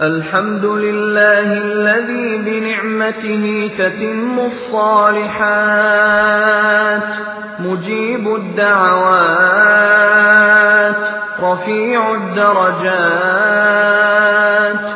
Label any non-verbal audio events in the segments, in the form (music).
الحمد لله الذي بنعمته تتم الصالحات مجيب الدعوات رفيع الدرجات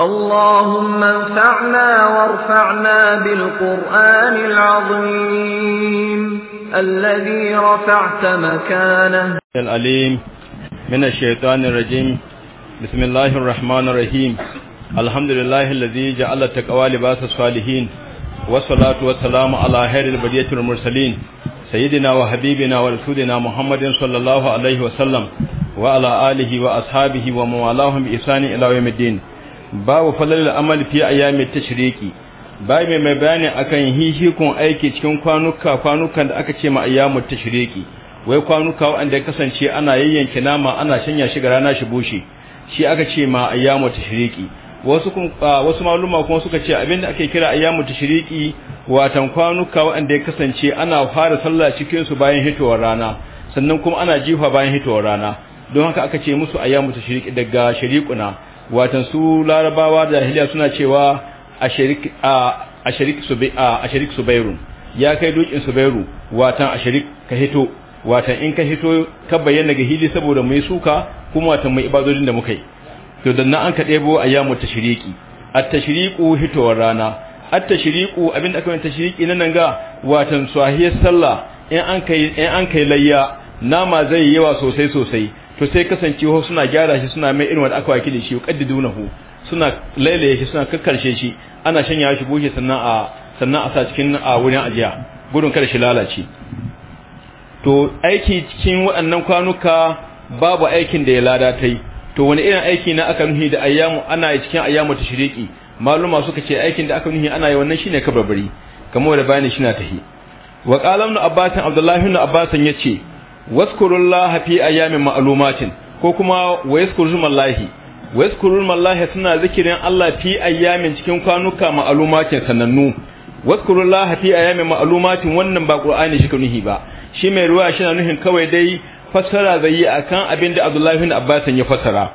اللهم انفعنا وارفعنا بالقرآن العظيم الذي رفعت مكانه العليم من الشيطان الرجيم بسم الله الرحمن الرحيم الحمد لله الذي جعل التقوى لباس الصالحين والصلاة والسلام على خير البرية المرسلين سيدنا وحبيبنا ورسولنا محمد صلى الله عليه وسلم وعلى آله وأصحابه وموالاهم بإحسان إلى يوم الدين babu falalil amal fi ayami tashriki bai mai mai bayani akan hihikun aiki cikin kwanuka kwanukan da aka ce ma ayyamu tashriki wai kwanuka wanda ya kasance ana yayyanke nama ana shanya shi ga rana shi bushe shi aka ce ma ayyamu tashriki wasu kun wasu maluma kuma suka ce abinda ake kira ayyamu tashriki watan kwanuka wanda ya kasance ana fara sallah cikin su bayan hitowar rana sannan kuma ana jifa bayan hitowar rana don haka aka ce musu ayyamu tashriki daga shariquna watan su larabawa da jahiliya suna cewa shirik a subai subairu ya kai dukin subairu watan shirik ka hito watan in ka hito ka bayyana ga hili saboda mai suka kuma watan mai ibadodin da muka yi to dan nan an ka debo ayyamu tashriqi at-tashriqu hitowar rana at-tashriqu abinda aka yi tashriqi nan ga watan swahiyar sallah in an kai in an kai layya nama zai yi yawa sosai sosai to sai kasancewa suna gyara shi suna mai irin wanda aka waki da shi qaddidunahu suna lailaye shi suna kakkarshe shi ana shanya shi goshe sannan a sannan a sa cikin a wurin ajiya gudun kada shi lalace to aiki cikin waɗannan kwanuka babu aikin da ya lada tai to wani irin aiki na aka nuhi da ayyamu ana yi cikin ayyamu shiriki maluma suka ce aikin da aka nuhi ana yi wannan shine kabarbari kamar da bayani shi na tahi wa qala ibn abbas abdullahi ibn abbas yace waskurullaha fi ayyamin ma'lumatin ko kuma wa yazkurullahi wa yazkurullahi suna zikirin Allah fi ayyamin cikin kwanuka ma'lumatin sanannu waskurullaha fi ayyamin ma'lumatin wannan ba qur'ani shi ka nuhi ba shi mai ruwa shi na nuhin kawai dai fassara zai yi akan abin da Abdullahi bin Abbas ya fassara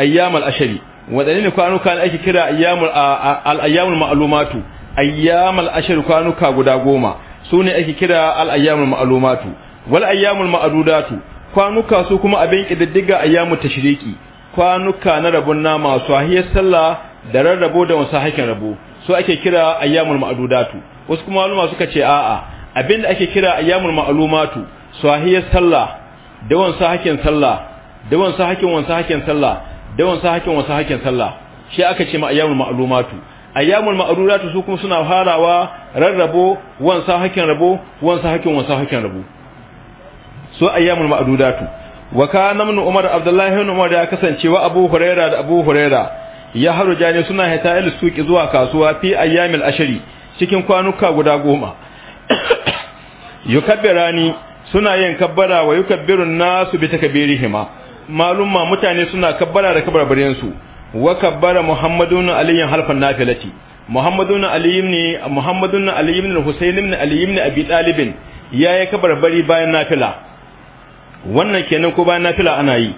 ayyamal ashari wadanne ne kwanuka da ake kira ayyamul al ayyamul ma'lumatu ayyamal ashari kwanuka guda goma su ne ake kira al ayyamul ma'lumatu wal ayyamul ma'adudatu kwanuka su kuma abin kididdiga ayyamu tashriki kwanuka na rabun nama su ahiyar sallah da rarrabo da wasu hakin rabo su ake kira ayyamul ma'adudatu wasu kuma maluma suka ce a'a abin da ake kira ayyamul ma'alumatu su ahiyar sallah da wasu hakin sallah da wasu hakin wasu hakin sallah da wasu hakin wasu hakin sallah shi aka ce ma ayyamul ma'alumatu ayyamul ma'adudatu su kuma suna farawa rarrabo wansa hakin rabo wansa hakin wansa hakin rabo su ayyamul ma'dudatu wa kana min umar abdullahi ibn umar ya kasance wa abu huraira da abu huraira ya haruja ne suna hita il suki zuwa kasuwa fi ayyamil ashri cikin kwanuka guda goma (coughs) yukabbirani suna yin kabbara wa yukabbirun nasu bi takbirihima ma mutane suna kabbara da kabarbarin su wa kabbara muhammadun aliyin halfan nafilati muhammadun ali ibn muhammadun ali ibn husayn ibn ali ibn abi talib yi kabarbari bayan nafila wannan kenan ko bayan nafila ana yi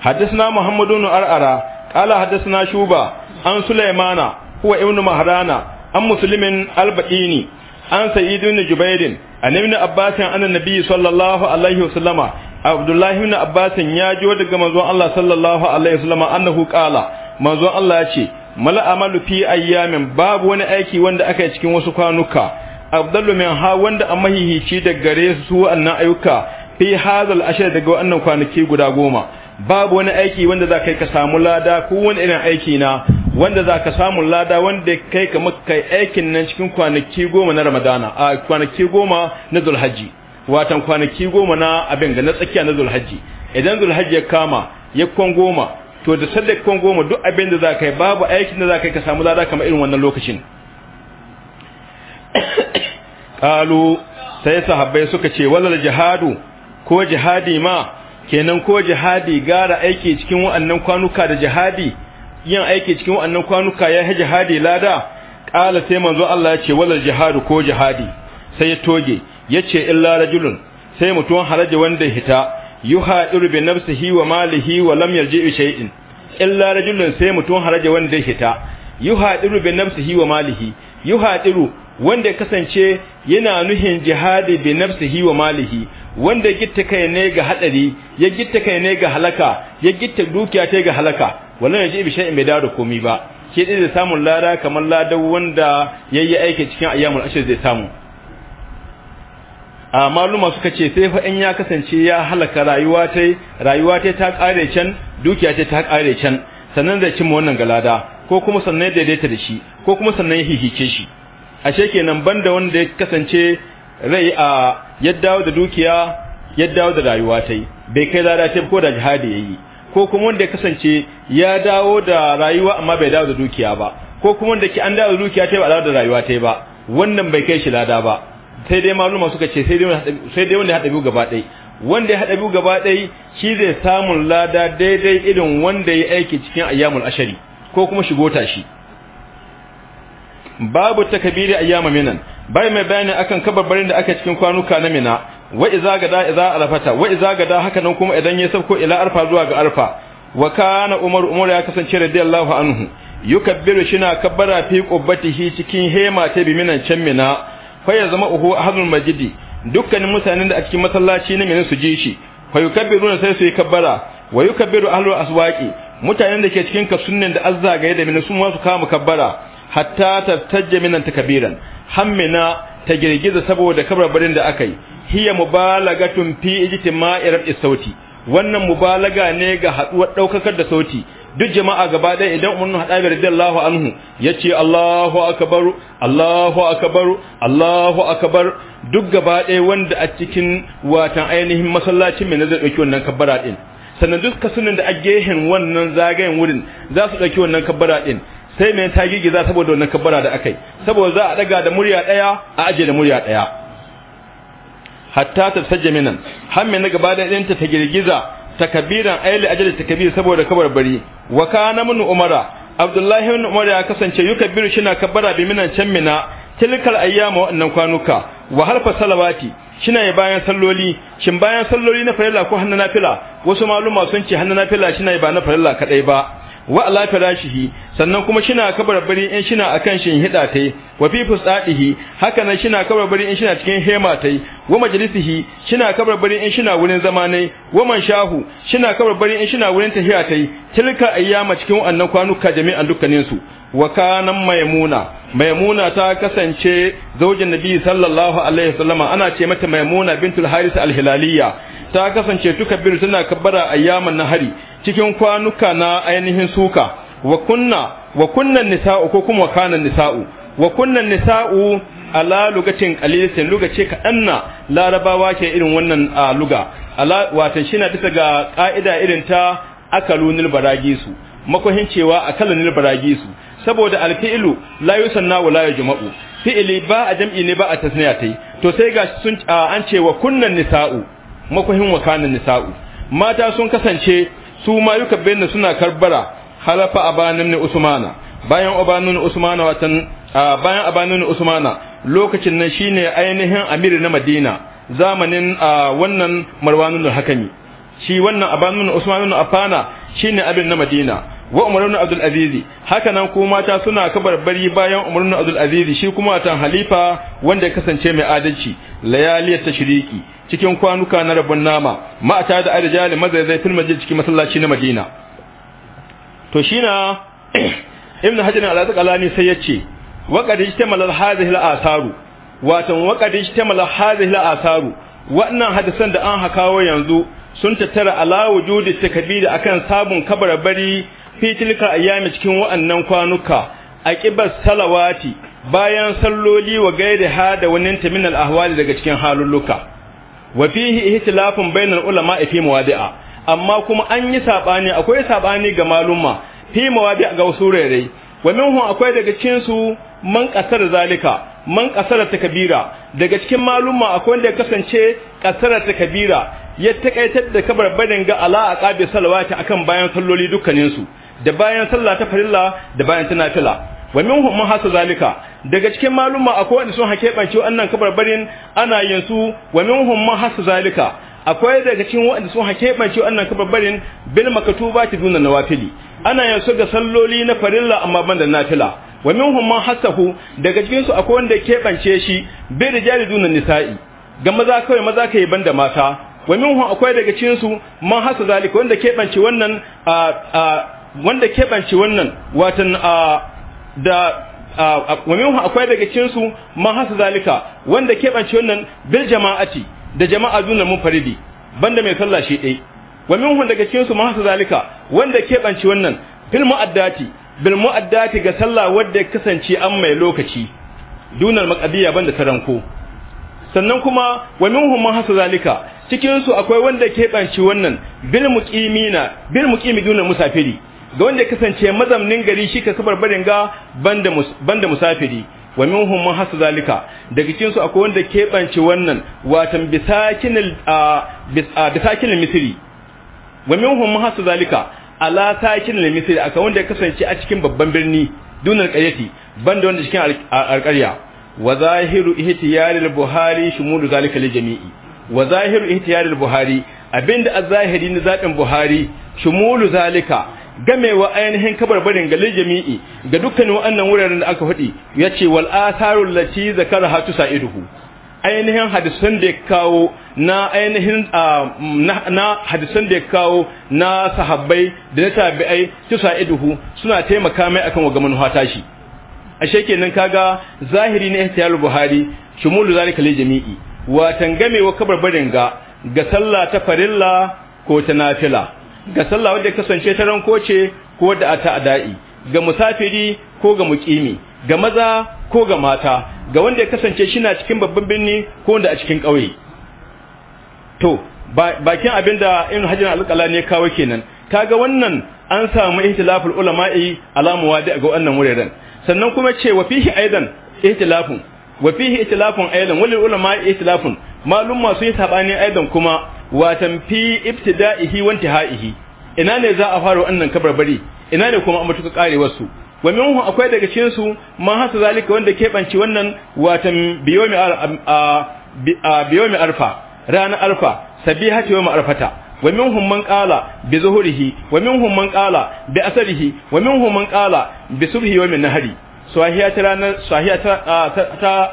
hadisna muhammadu nu ar'ara kala hadisna shuba an sulaimana huwa ibnu maharana an muslimin albaini an sayyidu ibn jubairin an ibn abbas an annabi sallallahu alaihi wasallama abdullahi ibn abbas ya ji daga manzon allah sallallahu alaihi wasallama annahu kala manzon allah ya ce mal amalu fi ayyamin babu wani aiki wanda aka yi cikin wasu kwanuka afdalu min ha wanda amahihi ci daga gare su wannan ayyuka fi hadal ashir daga wannan kwanaki guda goma babu wani aiki wanda za kai ka samu lada ko wani irin aiki na wanda za ka samu lada wanda kai ka muka aikin nan cikin kwanaki goma na ramadana a kwanaki goma na zulhaji watan kwanaki goma na abin ga na tsakiya na zulhaji idan zulhaji ya kama ya kwan goma to da kwan goma duk abin da za ka yi babu aikin da za ka yi ka samu lada kamar irin wannan lokacin (coughs) kalu sai sahabbai suka ce walal jihadu ko jihadi ma kenan ko jihadi gara aiki cikin wa'annan kwanuka da jihadi yin aiki cikin wa'annan kwanuka ya yi jihadi lada ƙala sai manzo Allah ya ce walal jihadu ko jihadi sai ya toge ya ce illa rajulun sai mutuwan haraji wanda hita yuha irbi nafsihi wa malihi wa lam yarji shay'in illa rajulun sai mutuwan haraji wanda hita yuha irbi nafsihi wa malihi yuha wanda ya kasance yana nuhin jihadi bi nafsihi wa malihi wanda ya gitta kai ne ga hadari ya gitta kai ne ga halaka ya gitta dukiya ta ga halaka wallahi yaji bi shay'in bai dawo komai ba ke da samun lada kamar lada wanda yayi aiki cikin ayyamul ashir zai samu a maluma suka ce sai fa in ya kasance ya halaka rayuwa ta rayuwa ta ta kare can dukiya ta ta kare can sannan zai cimma wannan galada ko kuma sannan ya daidaita da shi ko kuma sannan ya hihice shi ashe kenan banda wanda ya kasance rai a yadda dawo da dukiya yadda dawo da rayuwa ta yi bai kai lada ta ko da jihadi ya yi ko kuma wanda ya kasance ya dawo da rayuwa amma bai dawo da dukiya ba ko kuma wanda ke an dawo da dukiya ta ba dawo da rayuwa ta ba wannan bai kai shi lada ba sai dai maluma suka ce sai dai wanda ya haɗa biyu gaba ɗai wanda ya haɗa biyu gaba ɗai shi zai samun lada daidai irin wanda ya aiki cikin ayyamul ashari ko kuma shigo tashi shi babu takabiri ayyama minan bai mai bayani akan kabarbarin da aka cikin kwanuka na mina wa iza gada iza arafata wa iza gada haka nan kuma idan ya sauko ila arfa zuwa ga arfa wa kana umar umar ya kasance radiyallahu anhu yukabbiru shina kabbara fi qubbatihi cikin hema ta bi minan can mina fa ya zama uhu ahlul majidi dukkanin mutanen da a cikin masallaci ne mina su ji shi fa yukabbiruna sai su yi kabbara wa yukabbiru ahlul aswaqi mutanen da ke cikin kasunnan da azzagaye da mina su ma su kama kabbara hatta jami'an minan takbiran hammina ta girgiza saboda kabarbarin da aka yi hiya mubalagatun fi ijtima'i rab'i sauti wannan mubalaga ne ga haduwar daukakar da sauti duk jama'a gaba da idan umarnu haɗabi radiyallahu anhu yace Allahu akabaru Allahu akabaru Allahu akabar duk gaba da wanda a cikin watan ainihin masallacin mai nazar ɗauki wannan kabbara din sannan duk kasunan da a gehen wannan zagayen wurin za su ɗauki wannan kabbara din. sai mai ta gigiza saboda wannan kabbara da akai saboda za a daga da murya daya a aje da murya daya hatta ta minan har mai na gaba da ɗinta ta girgiza takabiran aili ajal takabir saboda bari wa kana min umara abdullahi ibn umar ya kasance shi shina kabbara bi minan can mina tilkal ayyamu wannan kwanuka wa halfa salawati shina yi bayan salloli shin bayan salloli na farilla ko hannu nafila wasu maluma sun ce hannu nafila shina yi ba na farilla kadai ba wa ala sannan kuma shina kabarbari in shina akan shin hida tai wa fi fusadihi haka nan shina kabarbari in shina cikin hema tai wa majlisihi shina kabarbari in shina wurin zama ne wa man shahu shina kabarbari in shina wurin tahiya tai tilka ayyama cikin wannan kwanuka jami'an dukkanin su wa kanan maimuna maimuna ta kasance zaujin nabi sallallahu alaihi wasallama ana ce mata maimuna bintul haris al ta kasance tukabbiru tana kabbara ayyaman nahari cikin kwanuka na ainihin suka wa kunna wa kunnan nisa'u ko kuma kana nisa'u wa kunnan nisa'u ala Lugatin qalilatin lugace kaɗan na larabawa ke irin wannan a luga ala wato shina bisa ga ka'ida irin ta akalunil baragisu makohin cewa akalunil baragisu saboda alfi'ilu la yusanna wa la yajma'u fi'ili ba a jam'i ne ba a tasniya tai to sai ga sun an ce wa kunnan nisa'u makohin wa kana nisa'u mata sun kasance su ma yuka bayyana suna karbara halafa abanin ne usmana bayan abanin usmana watan bayan abanin usmana lokacin nan shine ainihin amiri na madina zamanin wannan marwanun hakami shi wannan abanin usmanun afana shine abin na madina wa Umar ibn Abdul Aziz haka nan ko mata suna kabarbari bayan Umar ibn Abdul Aziz shi kuma tan halifa wanda ya kasance mai adalci layaliyat tashriki cikin kwanuka na rabon nama ma'ata da arjali mazaizai fil cikin masallaci na Madina to shina (clears throat) Ibn Hajar al-Asqalani sai yace wa qad ijtamala hadhihi al-atharu watan wa qad ijtamala hadhihi al-atharu wannan hadisan da an hakawo yanzu sun tattara ala wujudi takbir akan sabon kabarbari fi tilka ayyami cikin wa'annan kwanuka a kibas salawati bayan salloli wa gaida ha da wannan min al daga cikin halulluka wa fihi ihtilafun bainal ulama fi mawadi'a amma kuma an yi sabani akwai sabani ga malumma fi mawadi'a ga usurerai wa minhu akwai daga cikin su man kasar zalika man kasar takbira daga cikin malumma akwai wanda kasance kasar takbira ya takaitar da kabar barin ga ala aqabi salawati akan bayan salloli dukkanin su da bayan sallah ta farilla da bayan ta nafila wa minhum man hasa zalika daga cikin maluma akwai wanda sun hake banci wannan kabarbarin ana yin su wa minhum man hasa zalika akwai daga cikin wanda sun hake banci wannan kabarbarin bil makatubati duna nawafili ana yin su ga salloli na farilla amma ban da nafila wa minhum man hasahu daga cikin su akwai wanda ke bance shi bil rijali duna nisa'i ga maza kawai maza kai banda mata wa min minhum akwai daga cikin su man hasa zalika wanda ke bance wannan a wanda keɓance wannan watan da wa minhu akwai daga cikin su man hasa zalika wanda keɓance wannan bil jama'ati da jama'a dunan faridi banda mai sallah shi dai wa minhu daga cikin su man hasa zalika wanda keɓance wannan bil mu'addati bil mu'addati ga sallah wanda ya kasance an mai lokaci dunan maqabiya banda taranko sannan kuma wa minhum man hasa zalika cikin su akwai wanda ke wannan bil muqimina bil muqimi dunan musafiri ga wanda kasance mazamnin gari shi ka kafar barin ga banda musafiri wa minhum man hasu zalika daga cikin su akwai wanda keɓance wannan watan bisakinil bisakinil misri wa minhum man hasu zalika ala sakinil misri aka wanda kasance a cikin babban birni dunar ban banda wanda cikin alƙarya wa zahiru ihtiyaril buhari shumulu zalika li jami'i wa zahiru ihtiyaril buhari abinda az-zahiri ni zaben buhari shumulu zalika gamewa ainihin kabarbarin ga jami'i ga dukkanin wa'annan wuraren da aka faɗi ya ce wal atharul lati zakara hatu sa'iduhu ainihin hadisan da ya kawo na ainihin na hadisan da ya kawo na sahabbai da na tabi'ai tu sa'iduhu suna taimaka mai akan waga manuha tashi. ashe kenan kaga zahiri ne ihtiyar buhari shumulu zalika li jami'i watan gamewa kabarbarin ga ga sallah ta farilla ko ta nafila ga sallah wadda kasance ta ranko ce ko da ta adai ga musafiri ko ga mukimi ga maza ko ga mata ga wanda ya kasance shi na cikin babban birni ko wanda a cikin ƙauye to bakin abin da irin hajjin alƙala ne kawo kenan kaga wannan an samu ihtilaful ulama'i alamuwa wadi ga wannan wuraren sannan kuma ce wa fihi aidan ihtilafun wa fihi ihtilafun aidan walil ulama'i ihtilafun malum masu yi sabani aidan kuma watan fi ibtida'ihi wa intihaihi ina ne za a fara wannan kabarbari ina ne kuma amma tuka karewar su wa minhu akwai daga cikin su man hasa zalika wanda kebanci wannan watan biyomi a biyomi arfa ranar arfa sabihati wa ma'arfata wa minhum man qala bi zuhurihi wa minhum man qala bi asarihi wa minhum man qala bi subhi wa min nahari ta ranar sahiya ta ta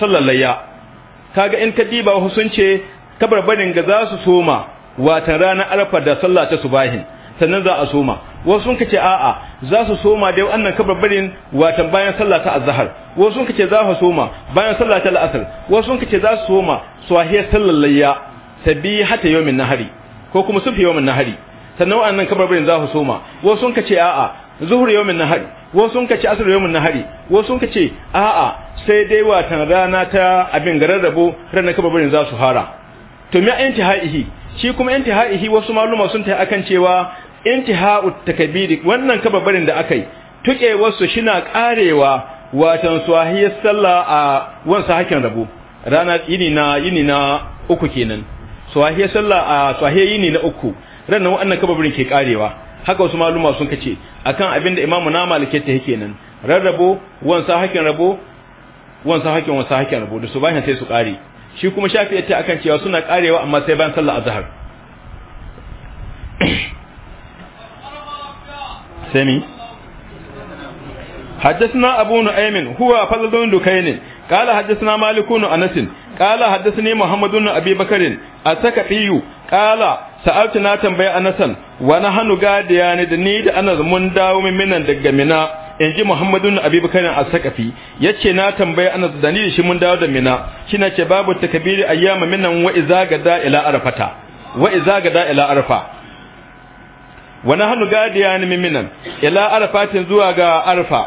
sallallayya kaga in ka diba sun ce Kabar barin ga za su soma watan ranar alfa da sallah ta subahin sannan za a soma wasu sun kace a'a za su soma dai wannan barin watan bayan sallah ta azhar wasu sun kace za su soma bayan sallah ta al'asr wasu sun kace za su soma swahiyar sallar layya sabihata yawmin nahari ko kuma sufi yawmin nahari sannan wa'annan barin za su soma wasu sun kace a'a zuhur yawmin nahari wasu sun kace asr yawmin nahari wasu sun kace a'a sai dai watan rana ta abin gararrabo ranar kabar barin za su fara to me intihaihi shi kuma intihaihi wasu maluma sun ta akan cewa intiha'ut takabiri wannan kababarin da akai tuke wasu shina karewa watan swahiyar sallah a wansa hakin rabo rana yini na yini na uku kenan swahiyar sallah a swahiyar yini na uku rannan wannan kababarin ke karewa haka wasu maluma sun kace akan abin da imamu na malike ta yake nan rarrabo wansa hakin rabo wansa hakin wansa hakin rabo da su bayan sai su kare Shi kuma sha fiye ta cewa suna karewa amma sai bayan sallah a zahar. Sani. abu ne Ayamin, Huwa a fal dondo kai ne. Kala Haddatun malam Kunar a nasin. Kala Haddatunni Muhammadu na Habiba karin a saka iyu. Kala Sa'adatu na tambayi Anassan, wani hannu gadiyaya da ni da ana mun dawo min nan daga Minna. in ji muhammadu na abubakar a sakafi ya ce na tambaye ana dani da shi mun dawo da mina shi ce babu takabiri ayyama minan wa iza gada ila arfata wa iza gada ila arfa wa nahnu gadiyan min minan ila arfatin zuwa ga arfa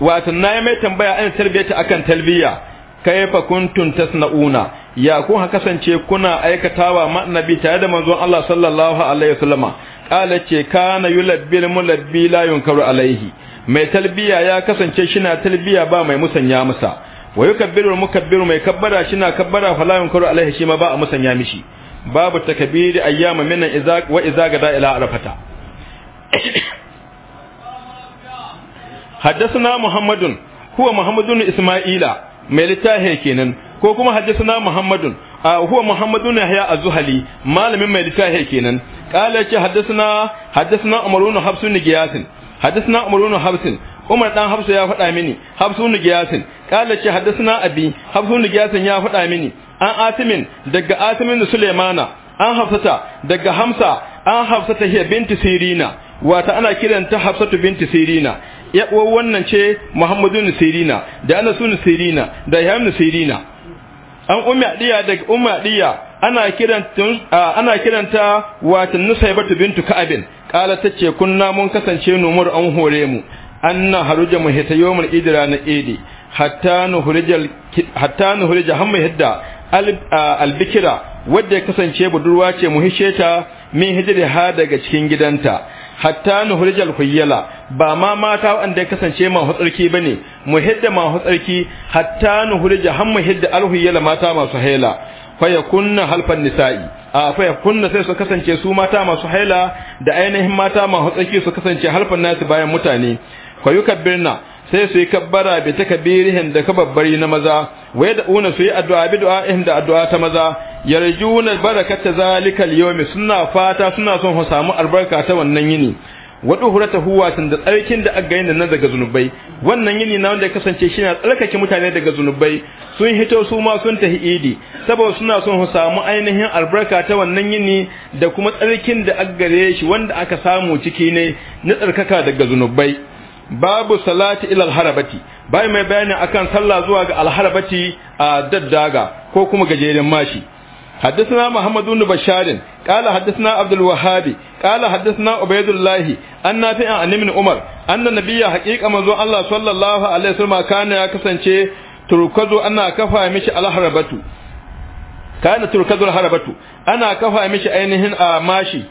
wato na mai tambaya an tarbiyata akan talbiya kayfa kuntum tasnauna ya ku ha kasance kuna aikatawa ma annabi tare da manzon Allah sallallahu alaihi wasallama qala ce kana yulabbil mulabbi la yunkaru alaihi mai talbiya ya kasance shi na talbiya ba mai musanya masa wa yukabbiru mukabbiru mai kabbara na kabbara fala yunkaru alaihi shi ma ba a musanya mishi babu takabiri ayyama minan iza wa iza gada ila arafata حدثنا muhammadun huwa muhammadun isma'ila mai ملتاه kenan ko kuma haddathana muhammadun huwa muhammadun yahya az-zuhali malamin mai littafi kenan qala ce haddathana haddathana umar ibn habsun giyasin حدثنا عمر بن حفص عمر دان حفص يا فدا مني حفص بن غياث قال شي حدثنا ابي حفص بن غياث يا فدا مني ان آتمن دغ آتمن سليمانا an habsata. daga hamsa an habsata hiya binti sirina wata ana kiranta Habsatu binti sirina ya wannan ce muhammadun sirina da anasun sirina da yahyan sirina an ummi adiya daga ummi adiya ana kiranta ana kiranta wata nusaybatu bintu ka'abin kala tace kunna mun kasance numur an hore mu anna haruja mu hita yawmul idra na idi hatta nuhrijal hatta nuhrija hamma hidda albikira wadda ya kasance budurwa ce mu hishe ta min hijira ha daga cikin gidanta hatta hurijal khuyyala ba ma mata wanda ya kasance ma hutsarki bane mu hidda ma hutsarki hatta hurija hamma hidda alhuyyala mata masu haila faya kunna halfan nisa'i a faya kunna sai su kasance su mata masu haila da ainihin mata masu tsaki su kasance halfan nasu bayan mutane fayuka birna sai su yi kabbara bi takabirihin da kababbari na maza da una su yi addu'a bi du'a'ihim da addu'a ta maza yarjuna barakata zalikal yawmi suna fata suna son su samu albarka ta wannan yini wa huwa watan da tsarkin da aka yin nan daga zunubai wannan yini na wanda ya kasance shi na tsarkake mutane daga zunubai sun hito su ma sun tahi idi saboda suna son su samu ainihin albarka ta wannan yini da kuma tsarkin da aka gare shi wanda aka samu ciki ne na tsarkaka daga zunubai babu salati ila alharabati bai mai bayani akan sallah zuwa ga alharabati a daddaga ko kuma gajeren mashi حدثنا محمد بن بشار قال حدثنا عبد الوهاب قال حدثنا عبيد الله أن نافع عن ابن عمر أن النبي حقيقة منذ الله صلى الله عليه وسلم كان يكسن شيء turkazu ana kafa mishi alharabatu kana turkazu alharabatu ana kafa mishi ainihin a mashi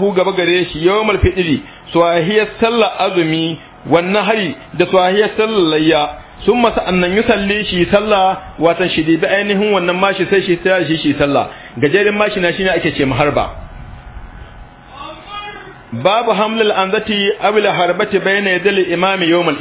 hu gaba gare shi yawmal fidiri swahiyar sallar azumi wannan hari da swahiyar sallar layya sun masa annan yusalli shi sallah watan shi dibi ainihin wannan mashi sai shi ta shi shi sallah gajerin mashi na shine ake ce maharba babu hamlul anzati abul harbati bayna yadil imami yawmal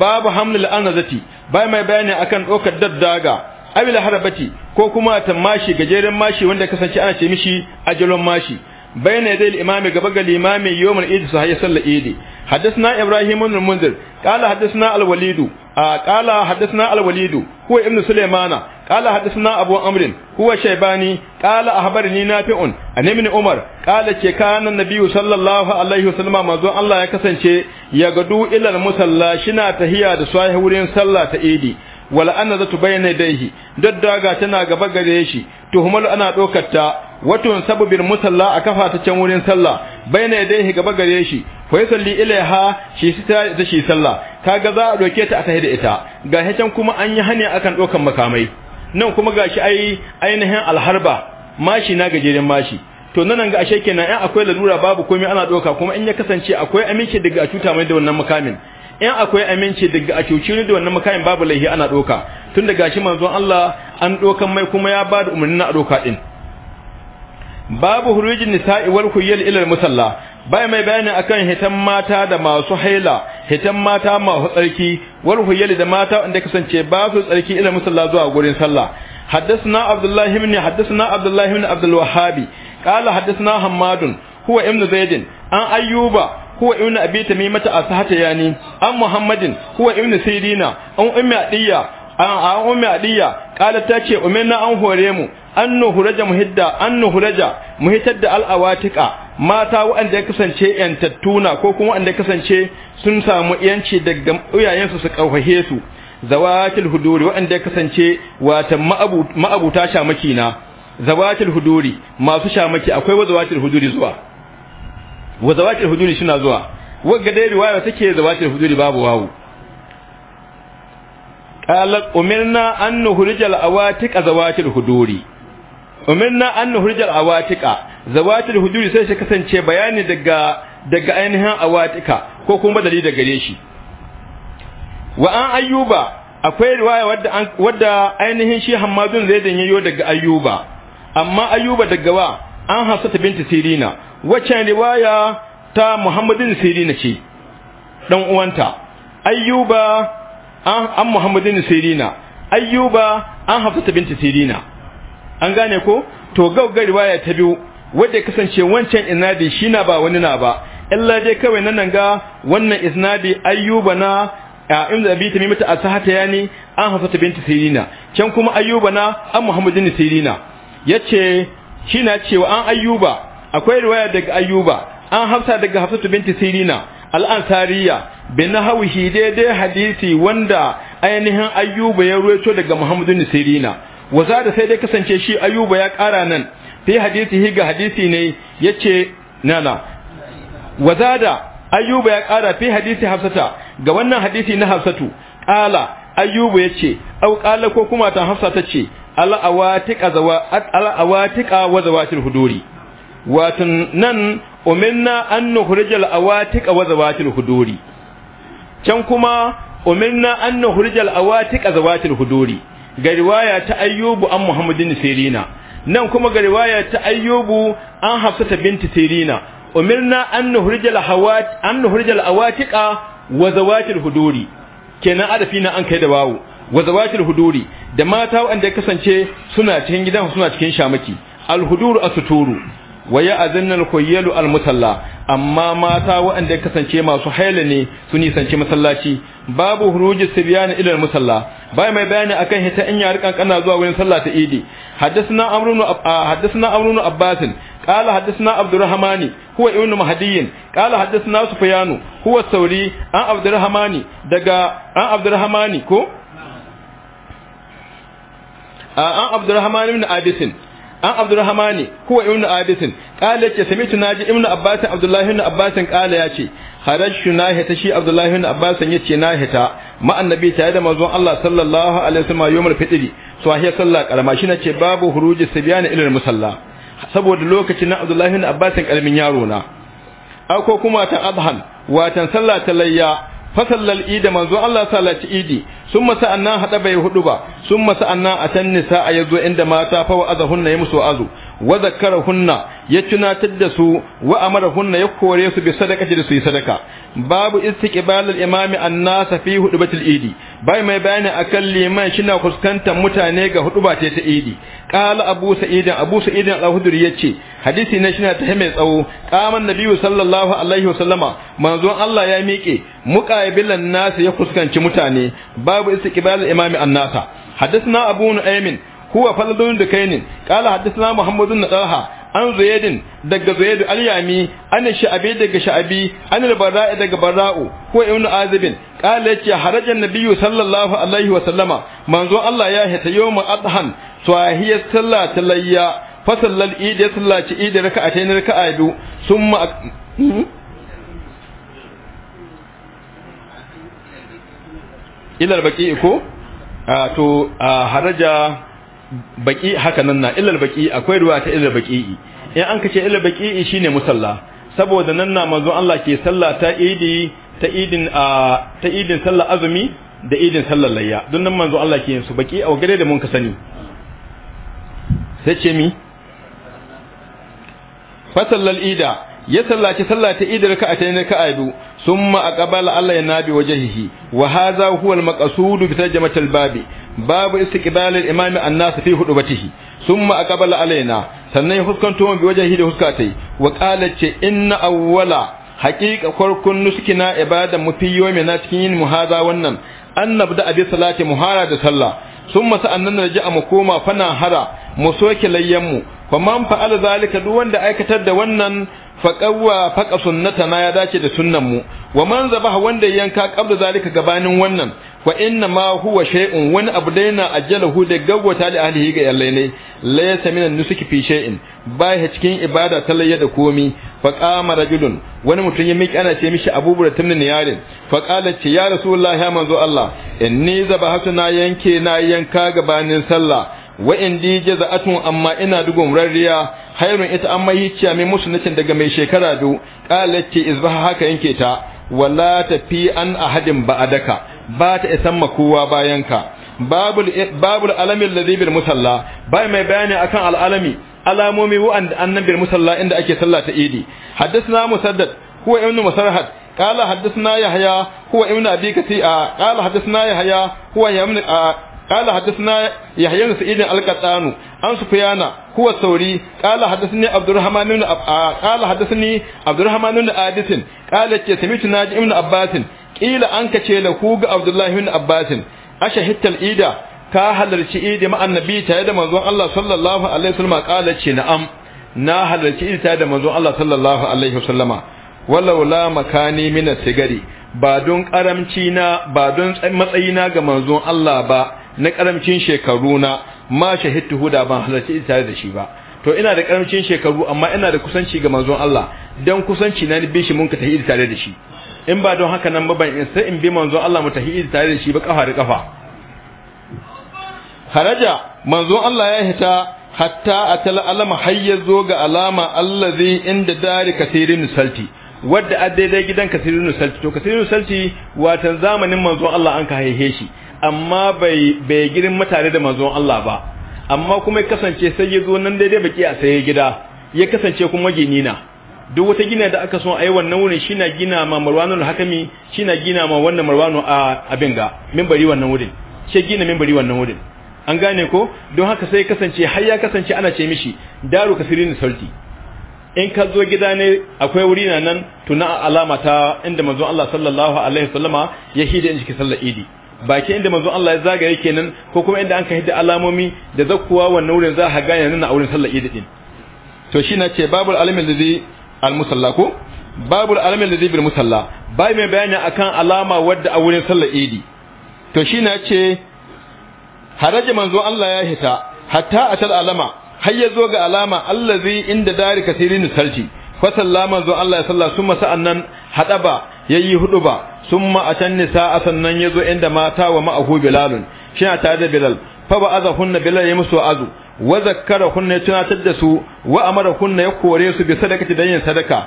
babu hamlul anzati bai mai bayani akan ɗaukar daddaga abul harbati ko kuma ta mashi gajeren mashi wanda kasance ana ce mishi ajalon mashi بين يدي الإمام قبل الإمام يوم الإيد صحيح صلى الإيد حدثنا إبراهيم بن المنذر قال حدثنا الوليد آه قال حدثنا الوليد هو ابن سليمان قال حدثنا أبو أمر هو شيباني قال أخبرني نافع عن ابن عمر قال كان النبي صلى الله عليه وسلم منذ الله يكسنشي يغدو إلى المصلى شنا تهيا دسواه ورين صلى تإيدي wala anna zatu bayyana daihi daddaga tana gaba gare shi tuhumalu ana dokar ta watun sababin musalla a kafa ta can wurin sallah baina yadayhi gaba gare shi fa yusalli ilaiha shi sita ta shi sallah kaga za a doke ta a tahi da ita ga hacan kuma an yi hani akan dokan makamai nan kuma gashi ai ainihin alharba mashi na gajeren mashi to nan ga ashe kenan in akwai lalura babu komai ana ɗauka kuma in ya kasance akwai aminci daga a cuta mai da wannan makamin in akwai aminci daga a cuci da wannan makamin babu laihi ana ɗauka tun da gashi manzon Allah an dokan mai kuma ya bada umurni na doka din babu hurujin nisa'i wal khuyyal ila musalla bai mai bayani akan hitan mata da masu haila hitan mata masu tsarki wal khuyyal da mata wanda kasance ba su tsarki ila musalla zuwa gurin sallah حدثنا عبد الله بن حدثنا عبد الله بن عبد الوهاب قال حدثنا حماد هو ابن زيد عن ايوب هو ابن ابي تميمه الصحتياني عن محمد هو ابن an عن ام an ummi adiya qalat ta ce na an hore mu an huraja muhidda an huraja muhitar da al'awatika mata waɗanda ya kasance tattuna ko kuma waɗanda ya kasance sun samu yanci daga uyayensu su kauhahe su zawatil huduri waɗanda ya kasance wata ma'abuta shamaki na zawatil huduri masu shamaki akwai wa zawatil huduri zuwa wa zawatil huduri suna zuwa wagga dai riwaya take zawatil huduri babu wawu qalat umirna an nuhrija al-awatiqa zawatil huduri umirna an nuhrija al-awatiqa zawatil huduri sai shi kasance bayani daga daga ainihin awatika ko kuma badali daga gare shi wa an ayyuba akwai riwaya wadda ainihin shi hammadun zaidan yayo daga ayyuba amma ayyuba daga wa an hasata binti sirina wacce riwaya ta muhammadin sirina ce dan uwanta ayyuba an muhammadin sirina ayyuba an hafsata binti sirina an gane ko to gaugar riwaya ta biyu wadda ya kasance wancan isnadi shi na ba wani na ba illa dai kawai nan ga wannan isnadi ayyuba na a inda bi a ta asahata yani an hafsata binti sirina can kuma ayyuba na an muhammadin sirina yace shi na cewa an ayyuba akwai riwaya daga ayyuba an hafsa daga hafsatu binti sirina al-ansariya bin nahwihi daidai hadisi wanda ainihin ayyuba ya ruwaito daga muhammadu nisirina waza da sai dai kasance shi ayyuba ya ƙara nan fi hadisi ga hadisi ne yace nana waza da ayyuba ya ƙara fi hadisi hafsata ga wannan hadisi na hafsatu ƙala ayyuba yace au ƙala ko kuma ta hafsa ce al'awatika zawa wa zawatil huduri watan nan umirna an nuhrijal awatiq wa zawatil huduri can kuma umirna an awatiq wa zawatil huduri ga riwaya ta ayyubu an muhammadin sirina nan kuma ga riwaya ta ayyubu an hafsata binti sirina umirna an nuhrijal hawat an nuhrijal awatiq wa zawatil huduri kenan adafi na an kai da wawu wa zawatil huduri da mata wanda ya kasance suna cikin gidan suna cikin shamaki al huduru asuturu wa ya azinnal khuyyalu al mutalla amma mata waɗanda kasance masu haila ne su nisanci masallaci babu huruji sibyan ila al musalla bai mai bayani akan hita in ya rikan kana zuwa wurin sallah ta idi haddathna amrun ah, haddathna amrun abbas qala حدثنا abdurrahmani huwa ibn ابن qala قال sufyanu huwa sauri an abdurrahmani daga an abdurrahmani ko ah, an abdurrahmani ibn عن an abdurrahmani huwa ibnu abisin qala yace sami'tu naji ibnu abbas abdullahi ibnu abbas qala yace harashu nahita shi abdullahi ibnu abbas yace na ma annabi tare da manzon Allah sallallahu alaihi wasallam yawmul fitri sahiya sallah karama shi nace babu huruji na ila musalla saboda lokacin na abdullahi ibnu abbas kalmin yaro na ako kuma ta abhan watan sallah ta layya fasallal ida manzo Allah sallaci idi sun masa annan haɗa bai hudu ba sun masa annan a tan nisa a yazo inda mata fa wa hunna ya musu azu wa hunna ya tunatar da su wa hunna ya kore su bi sadaka da su yi sadaka babu istiqbalul imami annasa fi hudubatil idi bai mai bayani akan liman shina kuskantar mutane ga huduba ta ta idi qala abu sa'idin abu sa'idin al-hudri yace hadisi ne shina ta mai tsawo qaman nabiyyu sallallahu alaihi wasallama manzon Allah ya miƙe muqabilan nas ya kuskanci mutane babu istiqbalul imami annasa حدثنا أبو نعيم هو فلد دكين قال حدثنا muhammadun بن an zaidin daga zaid alyami an sha'abi daga sha'abi an al-bara'i daga bara'u ko ibnu azibin qala yace harajan nabiyyu sallallahu alaihi wa sallama manzo Allah ya hita yawma adhan swahiyya sallah layya fa sallal idi sallaci idi raka'atayn raka'a summa hmm? ila al ko ah, to ah, haraja baki haka nan na illal baki akwai ruwa ta illal baki in an kace illal baki shine musalla saboda nan na manzo Allah ke sallah ta idi ta idin a ta idin sallar azumi da idin sallar layya don nan manzo Allah ke su baki a gare da mun ka sani sai ce mi fa sallal ida ya sallaci sallah ta idi raka'a ta ne raka'a biyu ثم أقبل الله ينابي وجهه وهذا هو المقصود بترجمة الباب باب استقبال الإمام الناس في خطبته ثم أقبل علينا سنة يخسكنتم بوجهه لخسكاتي وقالت إن أولا حقيقة كركن نسكنا عبادة مفي يومنا تكين مهذا ونن أن نبدأ بصلاة مهارة صلاة sun masu annan na ji a mu koma fana hara mu soke layyanmu fa man fa'ala zalika duk wanda aikatar da wannan faƙawa faƙa sunnatana ya dace da sunnanmu wa man zabaha wanda yanka qabla zalika gabanin wannan fa inna ma huwa shay'un wani abu ajalahu da gawwata li ahlihi ga yallai ne laysa min nusuki fi shay'in bai cikin ibada ta layya da komi fa qama rajulun wani mutum ya miki ana ce mishi abubura timnin yarin fa qala ce ya rasulullahi ya manzo Allah inni zabahatu na yanke na yanka gabanin sallah wa indi jaza'atun amma ina dugun rarriya hayrun ita amma yiciya mai musulunci daga mai shekara biyu qalati izbaha haka yanke ta wala tafi an ahadin ba'adaka ba ta isan ma kowa bayanka babul eh, babul alami alladhi bil musalla bai mai bayani akan al'alami alamomi wa'anda annabi bil musalla inda ake sallah ta idi haddathna musaddad huwa ibn musarhad قال حدثنا يحيى هو ابن ابي كثير قال حدثنا يحيى هو يمن قال حدثنا يحيى بن سعيد القطان عن سفيان هو الثوري قال حدثني عبد الرحمن بن قال حدثني عبد الرحمن بن عادس قال سمعت ناجي ابن عباس قيل انك ce da kuga ga Abdullahi bin Abbas ashahidta ida ka halarci idi ma annabi tare da manzon Allah sallallahu alaihi wasallam kala ce na'am na halarci idi tare da manzon Allah sallallahu alaihi wasallama walaula makani mina sigari ba don karamci na ba don matsayina ga manzon Allah ba na karamcin shekaru na ma shahidtu huda ban halarci tare da shi ba to ina da karamcin shekaru amma ina da kusanci ga manzon Allah dan kusanci na bin shi mun ka tahi tare da shi in ba don haka nan ba ban in sai in bi manzon Allah mu tahi tare da shi ba kafa da kafa haraja manzon Allah ya hita hatta atal alama hayya zo ga alama allazi inda dari kasirin salti wadda a daidai gidan kasirin salci to kasirin salci watan zamanin manzon Allah an ka haihe shi amma bai bai girin tare da manzon Allah ba amma kuma ya kasance sai ya zo nan daidai baki a sai gida ya kasance kuma gini na duk wata gina da aka so a yi wannan wurin shi na gina ma marwanul hakami shi na gina ma wannan marwanu a abin ga wannan wurin shi gina mimbari wannan wurin an gane ko don haka sai kasance har ya kasance ana ce mishi daru kasirin salti in ka zo gida ne akwai wuri na nan tuna alama ta inda manzon Allah sallallahu alaihi wasallama ya hidda in jiki sallar idi baki inda manzon Allah ya zagaye kenan ko kuma inda an ka hidda alamomi da zakkuwa wannan wurin za ka yana nan a wurin sallar idi din to shi na ce babul alamin ladhi al ko babul alamin ladhi bil musalla bai mai bayani akan alama wadda a wurin sallar idi to shi na ce haraji manzon Allah ya hita hatta atal alama har ya zo ga alama allazi inda dari kasirin sarci fa sallama zo Allah ya salla summa sa'annan hadaba yayi huduba summa atan nisa sannan ya zo inda mata wa ma'ahu bilalun shi a tare da bilal fa azahunna bilal ya musu azu wa zakkarahunna ya tunatar da su wa amarahunna ya kore su bi sadakati da yin sadaka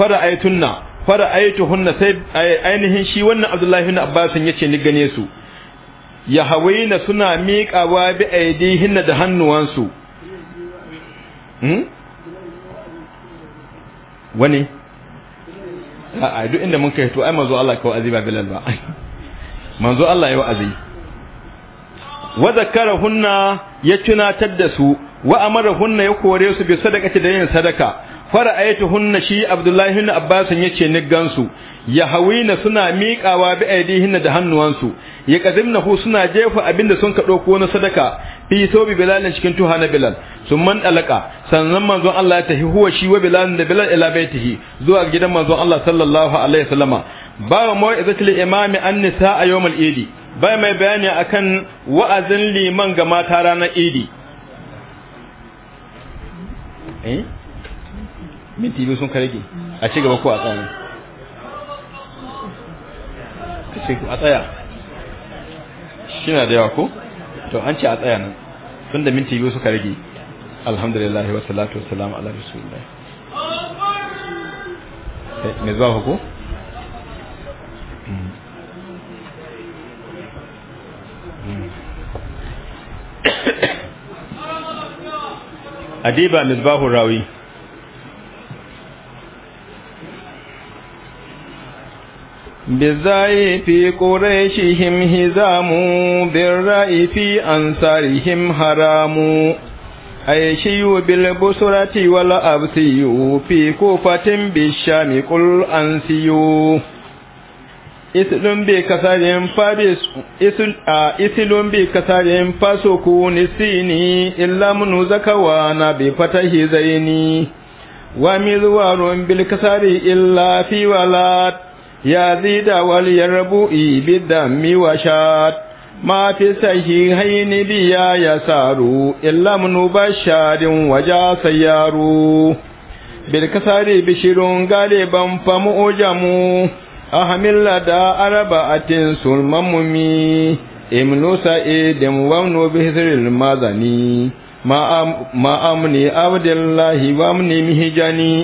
fara'aytunna fara'aytuhunna sai ainihin shi wannan Abdullahi ibn Abbas yace ni gane su ya hawaina suna miƙawa bi aidihinna da hannuwansu Hmm? wani a duk inda mun kai to ai manzo Allah kawai aziba bilal ba (laughs) manzo Allah ya wa'azi wa zakarahunna ya tunatar da su wa amarahunna ya kore su bi sadaqati da yin sadaka hunna shi Abdullahi ibn Abbas yace ni gansu ya hawina suna miƙawa bi aidihinna da hannuwansu ya hu suna jefa abinda sun ka ko na sadaka fi sobi bilal cikin tuha na bilal sun man dalaka sannan manzon Allah ya tafi huwa shi wa bilal da bilal ila baitihi zuwa gidan manzon Allah sallallahu alaihi wasallama ba zakil imami an-nisa a yawmal idi ba mai bayani akan wa'azin liman ga mata ranar idi eh minti biyu sun karege a ci gaba ko a tsaya a ce a tsaya shi na da yawa ko to an ci a tsaya nan tun da minti biyu suka rage alhamdulillah wa salatu wa salam ala rasulillah eh, me zuwa hukun mm. mm. (coughs) adiba misbahu rawi بالزاي في قريشهم هزام بالرأي في أنصارهم هرام aishi yi wa bilibu surati wala abu yi fi kofatin bisha mai kul an siyo isilun bi kasarin faso ku ni sini ilamunu zakawa na bi fatahi zaini wa mi zuwa ruwan bil kasari illa fi wala ya zida wal yarabu ibi dammi wa shat ma fi sahihain biya ya saru illa munubasharin waja sayaru bil kasari bishirun galiban famu ujamu ahamil lada arba'atin sul mamumi ibnu sa'idin wa ibn bihril madani ma am ma amni abdullahi wa amni mihjani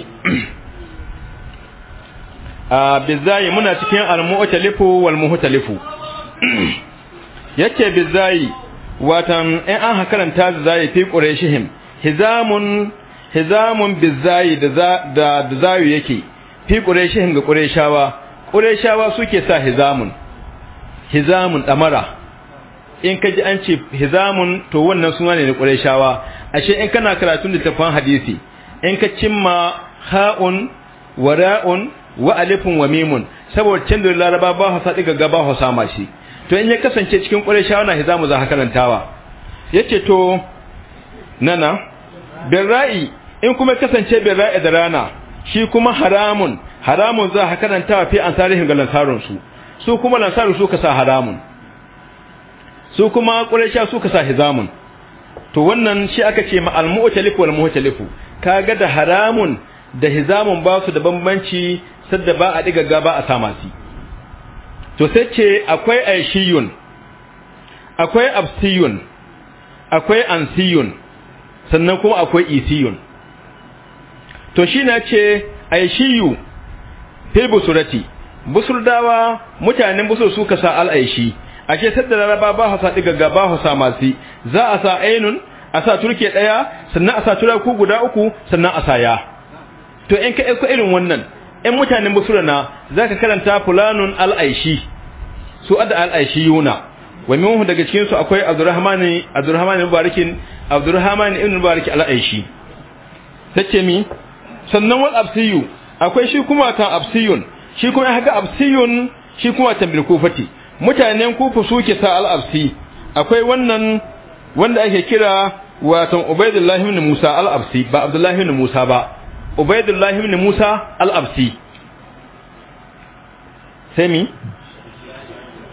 a (clears throat) ah, bizai muna cikin al-mu'talifu (clears throat) yace bizayi watan in an karanta zai fi qurayshihim hizamun hizamun bizayi da da zayu yake fi qurayshihim ga qurayshawa qurayshawa suke sa hizamun hizamun damara in ka ji an ce hizamun to wannan suna ne na qurayshawa ashe in kana karatun littafin hadisi in ka cimma ha'un wara'un wa alifun wa mimun saboda can da laraba ba hasa diga gaba hasa ma shi to in ya kasance cikin qurayshawa na hizamu za ka Ya ce to nana birra'i in kuma kasance birra'i da rana shi kuma haramun haramun za ka karantawa fi tarihin ga lansarun su kuma lansarin su ka sa haramun su kuma qurayshawa su ka sa hizamun to wannan shi aka ce ma da haramun da hizamun ba su da bambanci sadda ba a diga gaba a samasi to sai ce akwai aishiyun akwai absiyun akwai ansiyun sannan kuma akwai isiyun to shi na ce aishiyu fil busurati busurdawa mutanen busur suka sa al'aishi ashe sadda laraba ba hasa digagga ba hasa masu za a sa ainun a sa turke daya sannan a sa turaku guda uku sannan a sa ya to in ka aiko irin wannan in mutanen busura na ka karanta fulanun al'aishi su adda al yuna wa minhu daga cikin su akwai Abdurrahman Abdurrahman Mubarakin Abdurrahman ibn Mubarak al-Aishi tace mi sannan wal absiyu akwai shi kuma kan absiyun shi kuma haka absiyun shi kuma bil kufati mutanen kufa suke sa al-absi akwai wannan wanda ake kira watan Ubaydullah ibn Musa al-absi ba Abdullah ibn Musa ba Ubaydullah ibn Musa al-absi sai mi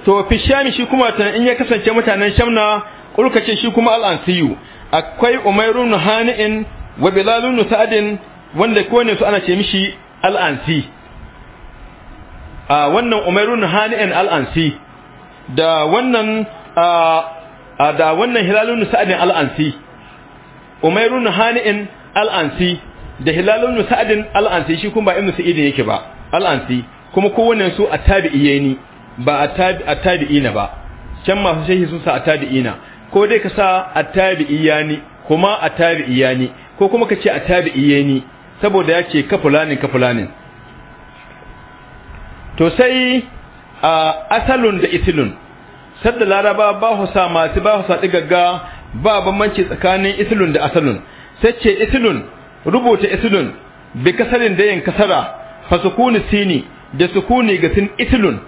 to fi shami shi kuma tana in ya kasance mutanen shamna kulka ce shi kuma al'ansiyu akwai umairun hani'in wa bilalun sa'adin wanda kone su ana ce mishi al'ansi a ah, wannan umairun hani'in al'ansi da wannan ah, ah, da wannan hilalun sa'adin al'ansi umairun hani'in al'ansi da hilalun sa'adin al'ansi shi kuma ba ibnu idin yake ba al'ansi kuma kowanne su a tabi'iyeni ba a tabi'ina ba can masu shehi sun sa a tabi'ina ko dai ka sa a ni kuma a ni ko kuma ka ce ni saboda ya ce ka fulanin ka fulanin to sai a asalun da isilun sadda laraba ba su sa masu ba su sa digagga ba bambanci tsakanin isilun da asalun sai ce isilun rubuta isilun bi kasarin da yin kasara fa sukuni sini da sukuni ga sin isilun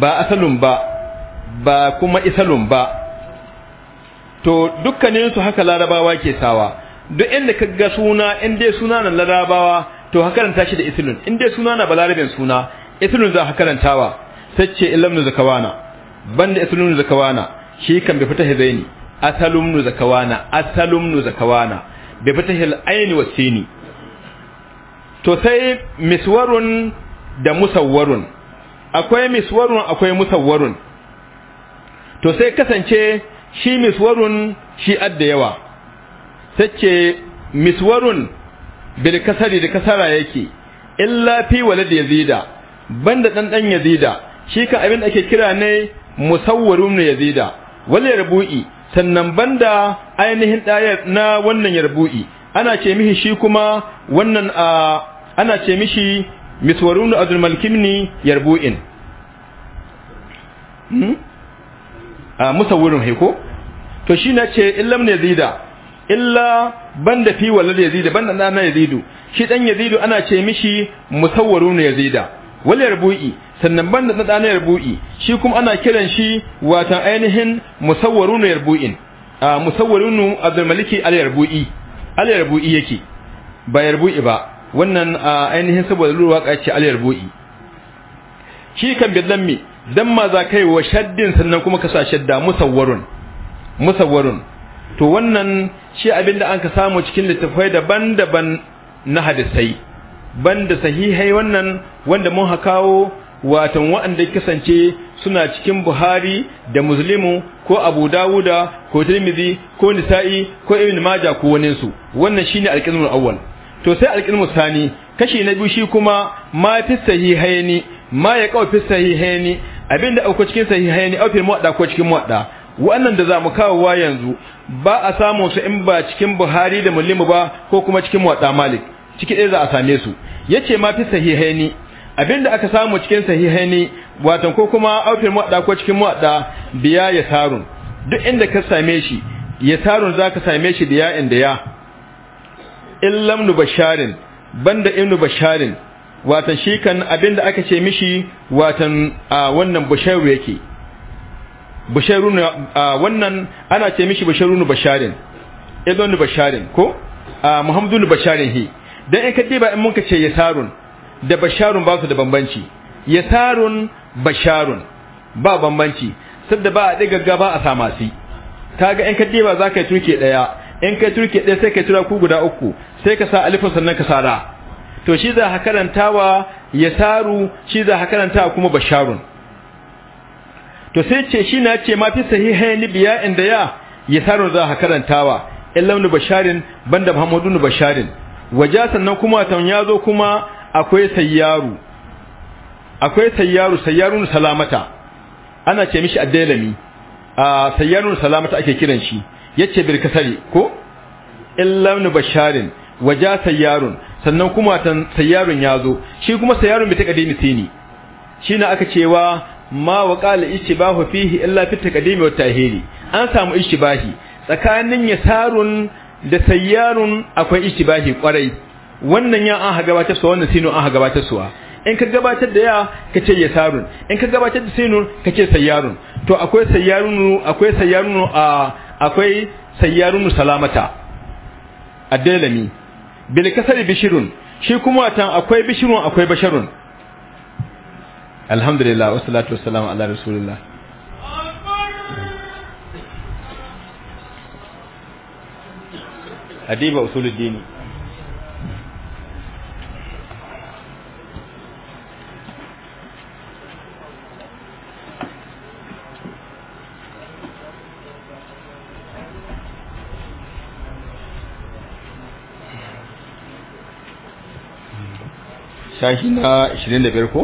ba asalun ba ba kuma isalun ba to dukkaninsu haka larabawa ke sawa duk inda ka ga suna in dai suna nan larabawa to haka karanta shi da isilun in dai suna na balarabin suna isilun za ka karantawa sace ilmun zakawana banda isilun zakawana shi kan bai fita hizaini asalun zakawana asalun zakawana bai fita hil aini wasini to sai miswarun da musawwarun akwai miswarun akwai musawwarun to sai kasance shi miswarun shi adda yawa sace miswarun bil kasari da kasara yake illa fi walad yazida banda dan dan yazida shi ka abin da ake kira ne musawwarun yazida wal yarbu'i sannan banda ainihin dayar na wannan yarbu'i ana ce mishi shi kuma wannan a ana ce mishi miswarun abdul malkimni yarbu'in hmm? a ah, musawwirin haiko to shi na ce illam ne zida illa banda fi zida ban da na ya zidu shi ɗan ya zidu ana ce mishi musawwarun yazida wal yarbu'i sannan banda na dan yarbu'i shi kuma ana kiran shi watan ainihin musawwarun yarbu'in a ah, musawwarun abdul maliki al yarbu'i al yarbu'i yake ba yarbu'i ba wannan ainihin saboda lura waka ce aliyar bu'i shi kan bi don ma za kai wa shaddin sannan kuma ka sa shadda musawwarun musawwarun to wannan shi abinda an ka samu cikin littafai daban-daban na hadisai banda sahihai wannan wanda mun kawo watan waɗanda kasance suna cikin Buhari da Muslimu ko Abu Dawuda ko Tirmidhi ko Nisa'i ko Ibn Majah ko waninsu wannan shine alqismul awwal to sai alƙilmu sani kashi na biyu shi kuma ma fi sahihaini ma ya kawo fi sahihaini abinda akwai cikin sahihaini au fil muwadda ko cikin muwadda wannan da zamu kawo wa yanzu ba a samu su in ba cikin Buhari da Muslim ba ko kuma cikin muwadda Malik ciki ɗaya za a same su yace ma fi sahihaini abinda aka samu cikin sahihaini wato ko kuma au fil muwadda ko cikin muwadda biya ya tarun duk inda ka same shi ya tarun zaka same shi da ya inda ya illam nu basharin banda ibnu basharin watan shi kan abinda aka ce mishi watan a wannan basharu yake basharu a wannan ana ce mishi basharu nu basharin ibnu basharin ko a muhammadu nu basharin hi dan in ka diba in mun ka ce yasarun da basharun ba su da bambanci yasarun basharun ba bambanci sabda ba a diga gaba a samasi kaga in ka diba zakai tuke turke daya in kai turke ɗaya sai kai tura ku guda uku sai ka sa alifin sannan ka sa ra to shi za ka ya saru shi za ka karantawa kuma basharun to sai ce shi na ce ma fi ni biya inda ya ya saru za ka karantawa illam nu basharin banda muhammadu ni basharin waja sannan kuma tan zo kuma akwai sayyaru akwai sayyaru sayyaru salamata ana ce mishi addalami a ah, sayyaru salamata ake kiran shi yace bil kasari ko illam basharin waja sayyarun sannan kuma tan sayyarun yazo shi kuma sayyarun bi taqdimi sini shine aka cewa ma wa qala ishbahu fihi illa fi taqdimi wa tahiri an samu ishbahi tsakanin yasarun da sayyarun akwai ishbahi kwarai wannan ya an haga bata su wannan sinu an haga bata suwa in ka gabatar da ya kace yasarun in ka gabatar da sinu kace sayyarun to akwai sayyarun akwai sayyarun a akwai sayyarun salamata addalami bil kasari bishirun shi kuma watan akwai bishirun akwai basharun alhamdulillah wassalatu wassalamu ala rasulillah Hadiba usuluddini shahi na 25 ko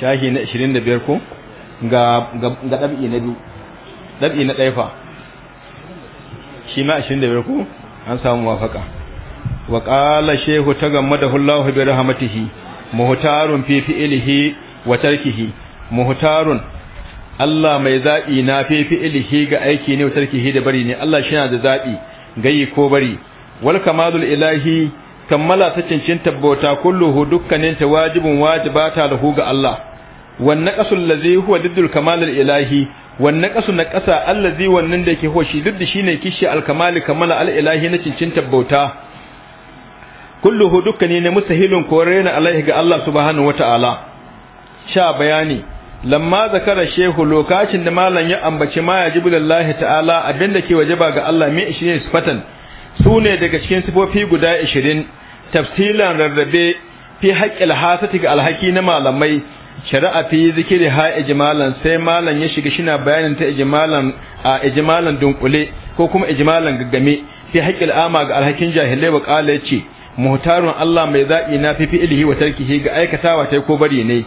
shahi na 25 ko ga ga dabi na biyu dabi na daifa shi ma 25 ko an samu wafaka wa qala shehu tagammadahu Allahu bi rahmatihi muhtarun fi fi'lihi wa tarkihi muhtarun Allah mai zabi na fi fi'lihi ga aiki ne wa tarkihi da bari ne Allah shi na da zabi gayi ko bari wal kamalul ilahi kammala ta cincinta bauta kulluhu dukkanin ta wajibin ta lahu ga Allah wan naqasul ladhi huwa diddul kamal al ilahi wan naqasu naqasa allazi wannan da ke hoshi diddi shine kishi al kamal kamala al ilahi na cincinta bauta kulluhu dukkanin ne mustahilun rena alaihi ga Allah subhanahu wataala sha bayani lamma zakara shehu lokacin da malam ya ambaci ma yajibu lillahi ta'ala abinda ke wajaba ga Allah me shi ne sifatan su ne daga cikin sifofi guda 20 tafsilan rarrabe fi haƙƙil hasati ga alhaki na malamai shari'a fi zikiri ha ijmalan sai malam ya shiga shina bayanin ta ijmalan a ijmalan dunkule ko kuma ijmalan gaggame fi haƙƙil ama ga alhakin jahilai wa ƙala yace muhtarun Allah mai zaɓi na fi fi'ilihi wa tarkihi ga aikatawa ta ko bari ne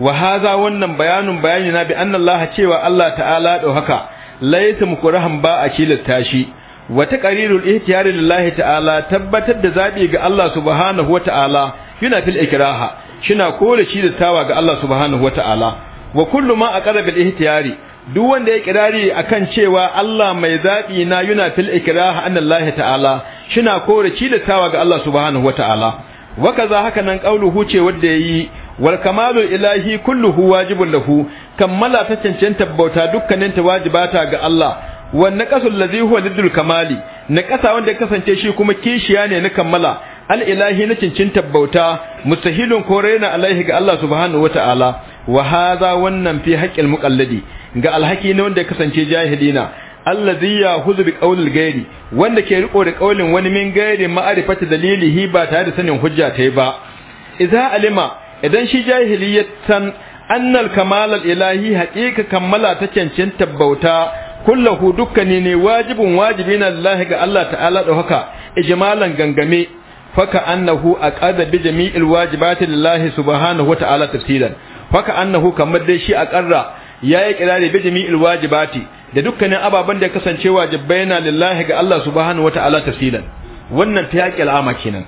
wa haza wannan bayanin bayani na bi annallaha cewa Allah ta'ala ɗaukaka laysa mukurahan ba a kilata shi wa qarirul ihtiyar lillahi ta'ala tabbatar da zabi ga Allah subhanahu wata'ala yana fil ikraha shina kore shi da tawa ga Allah subhanahu wata'ala wa kullu ma aqrab al ihtiyari duk wanda ya kirari akan cewa Allah mai zabi na yana fil ikraha annallahi ta'ala shina kore shi da tawa ga Allah subhanahu wata'ala wa kaza haka nan qauluhu ce wanda yayi wal kamalu ilahi kulluhu wajibun lahu kammala ta cancanta bauta dukkanin ta wajibata ga Allah wan naqasu allazi huwa liddul kamali na kasa wanda ya kasance shi kuma kishiya ne na kammala Al'ilahi na cincin tabbauta mustahilun na alaihi ga Allah subhanahu wataala wa hadha wannan fi haqqil muqallidi ga alhaki ne wanda ya kasance jahilina allazi huzu bi qawlil ghairi wanda ke riko da qawlin wani min ghairi ma'rifati dalilihi ba tare da sanin hujja tai ba idza alima idan shi jahiliyatan annal kamalal ilahi haqiqa kammala ta cancin tabbauta kullahu dukkani ne wajibin wajibi na lillahi ga Allah ta'ala da haka ijmalan gangame faka annahu aqada bi jami'il wajibati lillahi subhanahu wa ta'ala tafsilan faka annahu kamar dai shi aqarra yayi kirari bi jami'il wajibati da dukkanin ababan da kasance wajibai na lillahi ga Allah subhanahu wa ta'ala tafsilan wannan ta yaqil ama kenan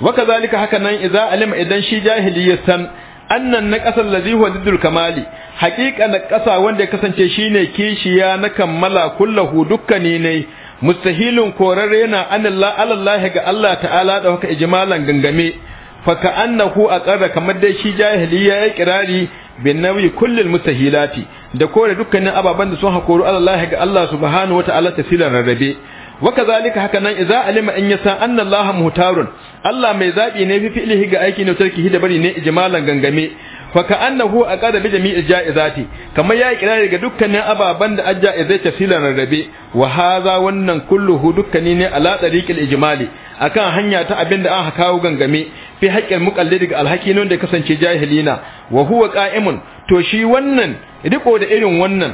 wa kazalika haka nan idza alima idan shi jahili ya san annan na ƙasar lazi huwa diddul kamali haƙiƙa na ƙasa wanda ya kasance shine kishiya na kammala kullahu dukkani ne mustahilun korare yana anallah alallahi ga Allah ta'ala da haka ijmalan gangame fa ka annahu aqarra kamar dai shi jahiliya ya kirari bin nawi kullul mustahilati da kore dukkanin ababan da sun hakoru alallahi ga Allah subhanahu wa ta'ala tafsilan rarrabe wa kazalika haka nan idza alima in yasa anna Allah muhtarun Allah mai zabi ne fi fi'lihi ga aiki ne tarkihi da bari ne ijmalan gangame fa ka annahu aqada bi jami'i jaizati kamar ya kira daga dukkan ababan da ajjaizai tafsilan rarrabe wa hadha wannan kulluhu dukkani ne ala tariqil ijmali akan hanya ta abinda an kawo gangame fi haƙƙin muqallidi ga alhaki non da kasance jahilina wa huwa qa'imun to shi wannan riko da irin wannan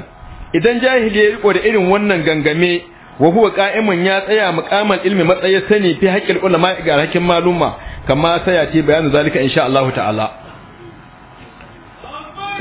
idan jahili ya riko da irin wannan gangame wa huwa qa'imun ya tsaya muqamal ilmi matsayin sani fi haqqil ulama ga hakin maluma kama sayati bayanu zalika insha Allah ta'ala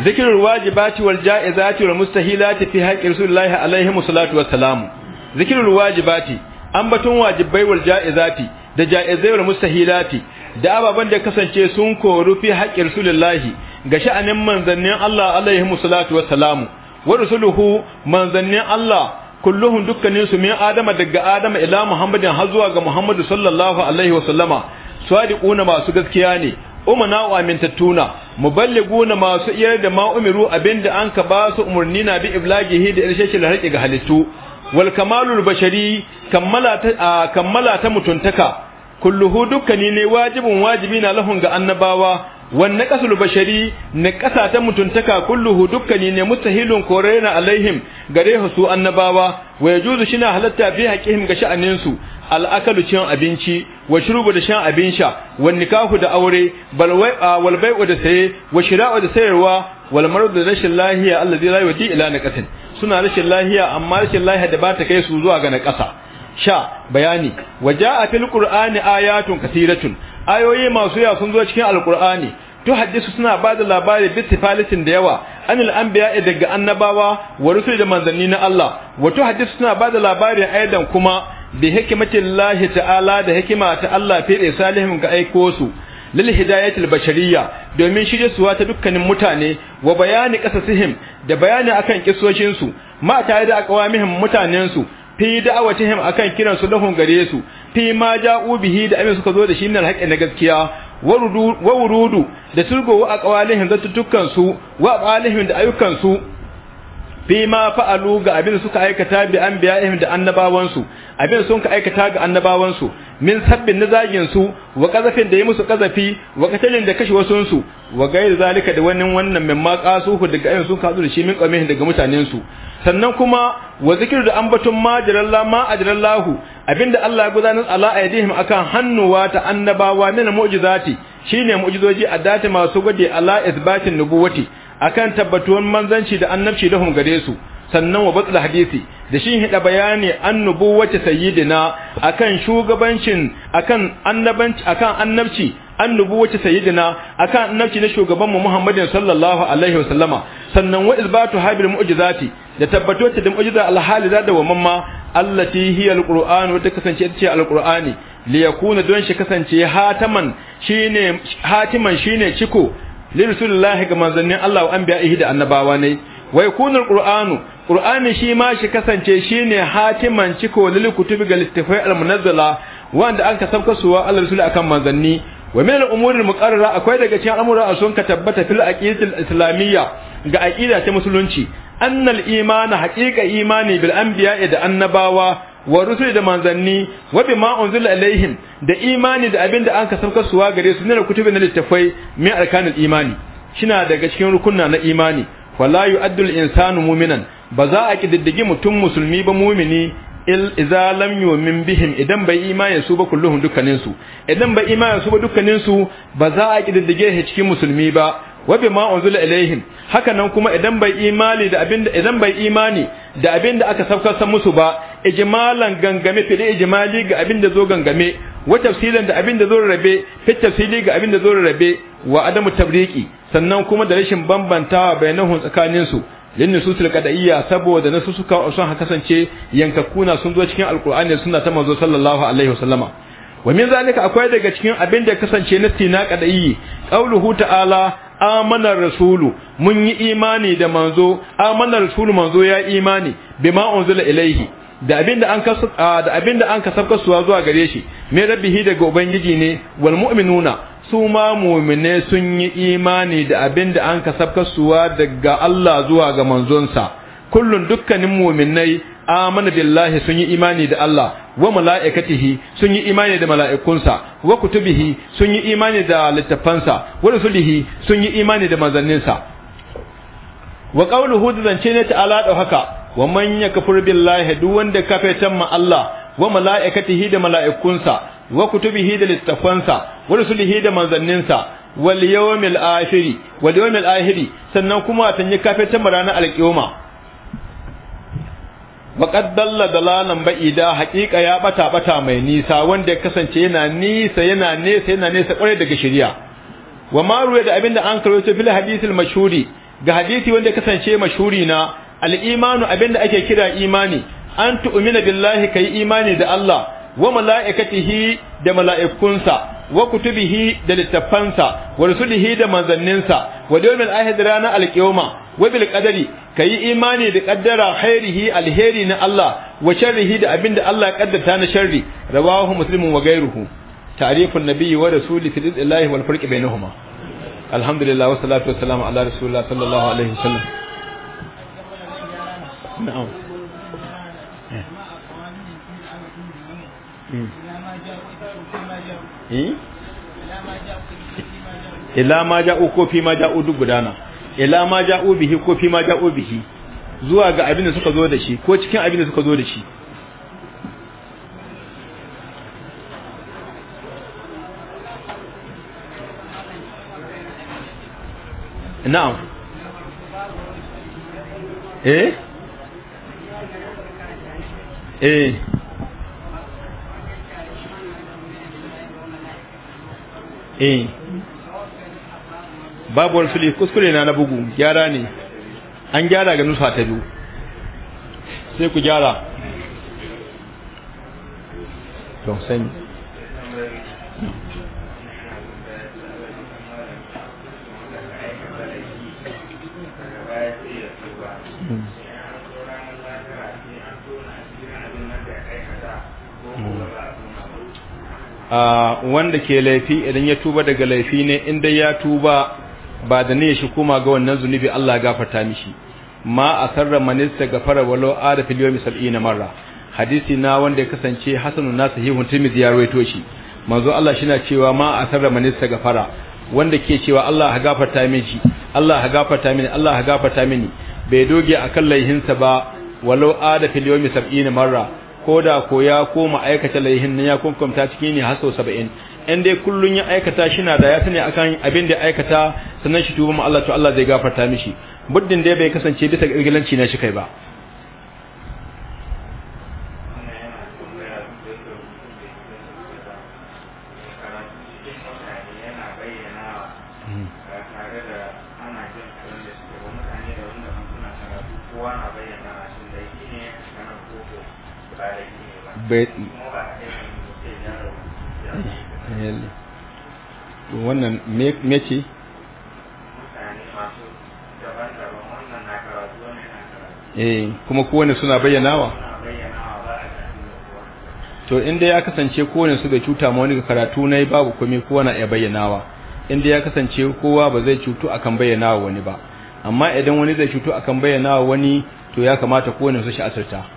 zikrul wajibati wal ja'izati wal mustahilati fi haqqi rasulillahi alaihi wasallatu wassalamu zikrul wajibati ambaton wajibai wal ja'izati da ja'izai wal mustahilati da ababan da kasance sun koru fi haqqi rasulillahi ga sha'anin manzannin Allah alaihi wasallatu wassalamu wa rusuluhu manzannin Allah kulluhum dukkanin su min adama daga adama ila muhammadin har zuwa ga muhammadu sallallahu alaihi wa sallama sadiquna masu gaskiya ne umana wa amintattuna muballiguna masu iyar da ma umiru abinda an ka ba su umurni na bi iblagihi da da haƙi ga halittu wal kamalul bashari kammala ta kammala ta mutuntaka kulluhu dukkani ne wajibin wajibi na lahun ga annabawa wanne kasul bashari kasa ta mutuntaka kulluhu dukkani ne mustahilun korena alaihim gare su annabawa wa yajuzu shina halatta fi haqihim ga sha'anin su al cin abinci wa shurubu da shan abin sha wa nikahu da aure bal wal bai'u da saye wa shira'u da sayarwa wal da rashin lahiya allazi la yati ila naqatin suna rashin lahiya amma rashin lahiya da ba ta kai su zuwa ga naqasa sha bayani waja'a fil qur'ani ayatun kasiratun ayoyi masu yawa sun zo cikin alkur'ani to hadisi suna ba da labari bitifalitin da yawa anil anbiya daga annabawa wa rusul da manzanni na Allah wato hadisi suna ba da labari aidan kuma bi hikimatin ta'ala da hikima ta Allah fi salihin ga aiko su lil hidayatil bashariyya domin shirya suwa ta dukkanin mutane wa bayani qasasihim da bayani akan kisoshin su ma tare da aqwamihim mutanen su fi da'awatihim akan kiran su lahun gare su fi ma ja'u bihi da abin suka zo da shi min haƙƙi na gaskiya wa wurudu da turgo wa aqwalihim da tutukan su wa aqwalihim da ayukan su fi ma fa'alu ga abin suka aikata bi anbiya'ihim da annabawansu abin sun ka aikata ga annabawansu min sabbin nazagin su wa kazafin da ya musu kazafi wa katalin da kashe wasun su wa gairu zalika da wannan wannan min ma hu daga ayin sun kazu da shi min qamih daga mutanen su sannan kuma wa zikru da ambatun majalalla ma ajrallahu abinda Allah ya gudanar ala aidihim akan hannuwa ta annabawa min mu'jizati shine mu'jizoji addati masu gode ala isbatin nubuwati akan tabbatuwan manzanci da annabci lahum gare su sannan wa batul hadisi da shi hida bayani annubuwati sayyidina akan shugabancin akan annabanci akan annabci annubuwati sayyidina akan annabci na shugaban mu Muhammadin sallallahu alaihi wasallama sannan wa isbatu habil mu'jizati da tabbatuwa da mu'jiza alhalida da wa mamma allati hiya alquran wata kasance ita ce alqurani li yakuna don shi kasance hataman shine hatiman shine ciko li rasulillahi ga manzannin Allah wa anbiya'ihi da annabawa ne wa yakuna alquranu Qur'ani shi ma shi kasance shine hatiman ciko lil kutubi ga littafai al-munazzala wanda an kasabka suwa Allah rasul akan manzanni wa min al-umuri al-muqarrara akwai daga cikin al'amura sun ka tabbata fil aqidatil islamiyya ga aqida ta musulunci annal iman haqiqa imani bil anbiya da annabawa wa da manzanni wa bima unzila alaihim da imani da abinda an kasabka suwa gare su ne kutubi na littafai min arkanul imani shina daga cikin rukunna na imani wala yu'addu al-insanu mu'minan ba za a kididdigi mutum musulmi ba mumini iza lam yu'min bihim idan bai imani su ba kulluhum dukkanin su idan bai imani su ba dukkanin su ba za a kididdige shi cikin musulmi ba wa bima unzila ilaihim haka nan kuma idan bai imani da abinda idan bai imani da abinda aka saukar san musu ba ijmalan gangame fi ijmali ga abinda zo gangame wa tafsilan da abinda zo rabe fi tafsili ga abinda zo rabe wa adamu tabriki sannan kuma da rashin bambantawa bainahum tsakanin su lin nususul saboda nasu suka sun kasance yankakuna sun zo cikin alqur'ani sunna ta manzo sallallahu alaihi wasallama wa min zalika akwai daga cikin abin da kasance na na qad'iyyi qauluhu ta'ala amana rasulu mun yi imani da manzo amana rasulu manzo ya imani bima unzila ilaihi da da an da da an kasafka suwa zuwa gare shi me rabbihi daga ubangiji ne wal mu'minuna su ma mumine sun yi imani da abin da an suwa daga Allah zuwa ga manzonsa kullun dukkanin muminai amana billahi sun yi imani da Allah wa mala'ikatihi sun yi imani da mala'ikunsa wa kutubihi sun yi imani da littafansa wa rusulihi sun yi imani da manzanninsa wa qawluhu zance ne ala da haka wa manya yakfur billahi duk wanda kafirtan ma Allah wa malaikatihi da mala'ikunsa wa kutubihi da littafansa wa rusulihi da manzanninsa wal yawmil akhir wal yawmil akhir sannan kuma yi kafirtan ma ranar alkiyama Baƙar dalla dalalan ba'ida haƙiƙa ya bata bata mai nisa wanda ya kasance yana nisa yana nesa yana nesa kwarai daga shari'a wa maru da abinda an karo ta fil hadithil mashhuri ga hadisi wanda ya kasance mashhuri na al'imanu abinda ake kira imani an tu'mina billahi kai imani da Allah wa mala'ikatihi da mala'ikunsa wa kutubihi da littafansa wa rusulihi da manzanninsa wa yawmil ahad ranar alqiyama wa bil qadari kai imani da qaddara khairihi alheri na Allah wa sharrihi da abinda Allah ya kaddarta na sharri rawahu muslimun wa ghayruhu ta'rifun nabiyyi wa rasuli fi dillahi wal farqi bainahuma alhamdulillah wa salatu wa salam ala rasulillah sallallahu alaihi wasallam ila ma ko fi ma gudana ila ma ko fi ma zuwa ga abin suka zo da shi ko cikin abin suka zo da shi eh eh eh babu fili kuskure na na bugu gyara ne an gyara ga nusa ta biyu sai ku gyara don wanda ke laifi idan ya tuba daga laifi ne in dai ya tuba ba da ne shi kuma ga wannan zunubi Allah ya gafarta mishi ma a sarra manista gafara walau ada fil yawmi sab'ina marra hadisi na wanda ya kasance hasanun nasihihun tirmidhi ya rawaito shi manzo Allah shi na cewa ma a sarra manista gafara wanda ke cewa Allah ya gafarta mishi Allah ya gafarta mini Allah ya gafarta mini bai doge akan laihinsa ba walau ada fil yawmi sab'ina marra ko da ko ya koma aikata laihin nan ya kunkumta ciki ne har sau saba'in in dai kullun ya aikata shi na da ya sani akan abin da ya aikata sannan shi tuba ma Allah to Allah zai gafarta mishi Buddin dai bai kasance bisa ga na shi kai ba bai wannan me ce eh kuma kowane suna bayyanawa to inda ya kasance kowane su bai cuta ma wani ga karatu na babu kome kowa na iya bayyanawa inda ya kasance kowa ba zai cutu akan bayyanawa wani ba amma idan wani zai cutu akan bayyanawa wani to ya kamata kowane su shi asirta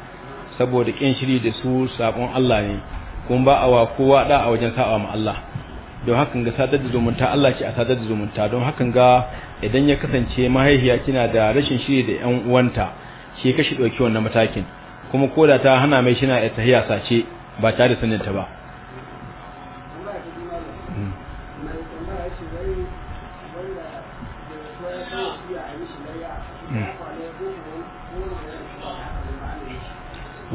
saboda kin shiri da su sabon Allah ne kuma ba awa kowa da a wajen sa'a ma Allah don hakan ga sadar da zumunta Allah ce a sadar da zumunta don hakan ga idan ya kasance mahaifiya kina da rashin shiri da 'yan uwanta shi kashi dauki wannan matakin kuma koda ta hana mai shina ya tahiya sace ba tare da sanin ta ba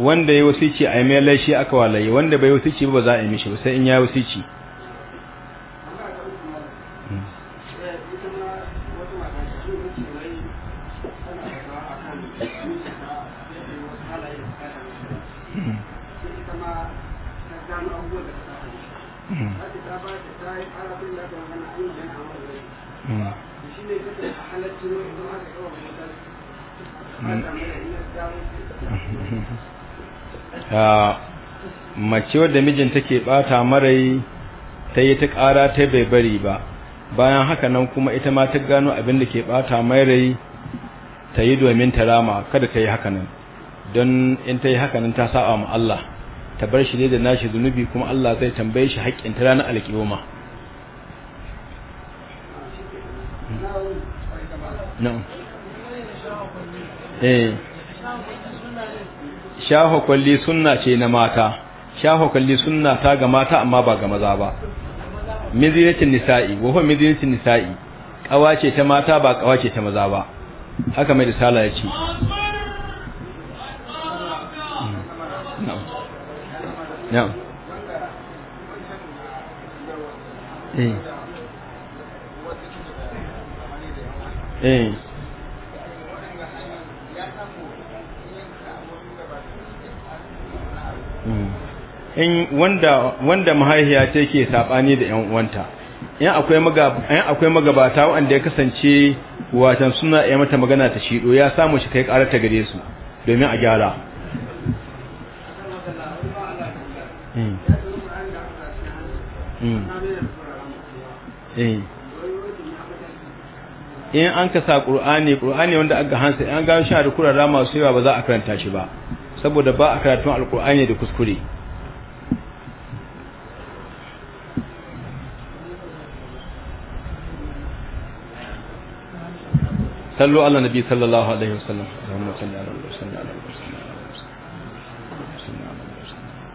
wanda ya wasici a mai laishi aka walaye wanda bai wasici ba za a yi mishi sai in ya wasici mace wadda mijinta ke bata marai ta yi ta ƙara ta bai bari ba bayan haka nan kuma ita ma ta gano abin da ke bata marai ta yi domin ta rama kada ta yi haka nan don in ta yi haka nan ta saba ma Allah ta bar shi ne da nashi zunubi kuma Allah zai tambaye shi haƙƙin ta ranar alƙiyoma hmm. eh shafa kwalli sunna ce na mata shafa kwalli sunna ta ga mata amma ba ga maza ba mizinatin nisa'i wa huwa mizinatin nisa'i ce ta mata ba ce ta maza ba haka mai risala ya ce eh eh in wanda wanda mahaihiya ce ke sabani da 'yan uwanta in akwai in akwai magabata wanda ya kasance watan suna ya mata magana ta shido ya samu shi kai karar ta gare su domin a gyara hmm. Hmm. Eh. in an ka sa ƙur'ani ƙur'ani wanda aka hansa in an gano masu yawa ba za a karanta shi ba saboda ba a karatun alƙur'ani da kuskure sallu ala nabi sallallahu alaihi wasallam